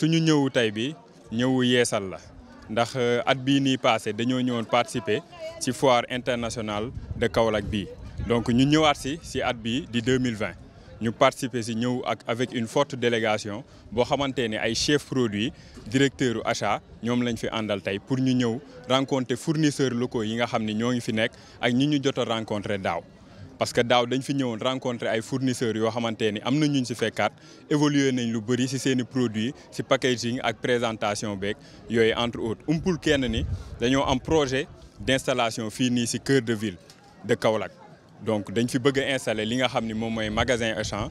suñu ñëw tay bi ñëwu yéssal la ndax euh, at bi ni passé dañoo ñëwon participer ci foire internationale de Kaolack bi donc ñu ñëwaat ci ci at bi di 2020 ñu participer ci ñëw ak avec une forte délégation bo xamante ne ay chef produit directeur achat ñom lañ fi andal tay pour ñu ñëw rencontrer fournisseurs locaux yi nga xamni ne ñoo ngi fi nek ak ñi ñu jot rencontrer daw parce que daw dañ fi ñëwoon rencontrer ay fournisseurs yoo xamante ni am na ñu ci fekkaat évoluer nañ lu bëri ci seeni produits ci packaging ak présentation beeg yooyu entre autres umpul kenn ni dañoo am projet d'installation fii nii ci cœur de ville de Kaolack donc dañ fi bëgg a installer li nga xam ni moom mooy magasin Auchan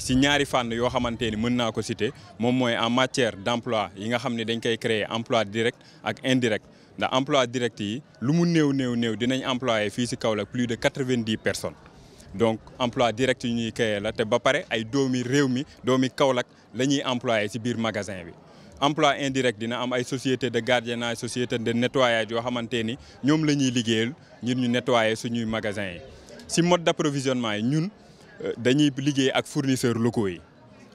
si ñaari fànn yo xamanteni mën naa ko citer mom moy en matière d'emploi yi nga xamni dañ koy créer emploi direct ak indirect da emploi direct yi lu mu new new néew dinañ employé fi ci Kaolack plus de 90 personnes donc emploi direct yi ñuy créer la te ba paré ay doomi réew mi doomi Kaolack la ñuy employé si biir magasin bi emploi indirect dina am ay société de gardiennage société de nettoyage yo xamanteni ñom lañuy la liggéeyal ngir ñu nettoyer suñuy magasin yi si mode d'approvisionnement yi ñun dañuy liggéey ak fournisseur locaux yi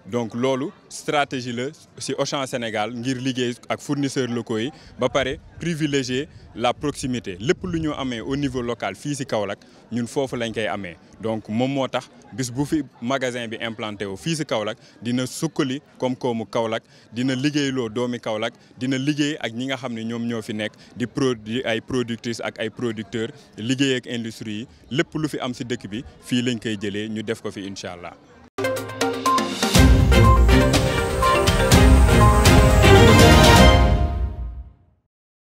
donc la stratégie est ci Auchan Sénégal ngir avec les fournisseurs locaux ba privilégier la proximité Les que nous avons au niveau local physique, Nous Kaolack ñun ce lañ koy donc mon bis bu fi magasin implanté au à ci Kaolack dina sukkali comme comme Kaolack dina dina ak ñi nga ne fi di productrices et ay producteurs liggéey ak industrie avec lépp lu fi am ci dëkk bi nous lañ koy ñu def ko fi